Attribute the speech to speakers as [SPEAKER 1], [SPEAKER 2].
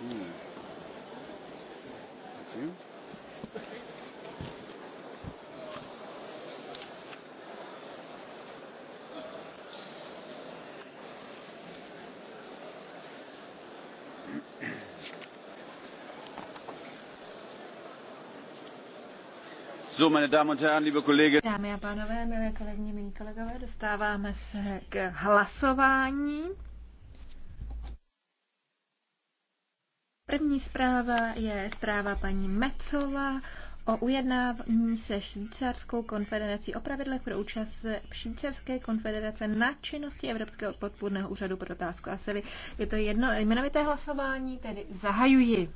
[SPEAKER 1] Dámy
[SPEAKER 2] a pánové, milé kolegyně, milí kolegové, dostáváme se k hlasování. První zpráva je zpráva paní Mecova o ujednávání se Švýcarskou konfederací o pravidlech pro účast Švýcarské konfederace na činnosti Evropského podpůrného úřadu pro otázku asily. Je to jedno jmenovité hlasování, tedy zahajuji.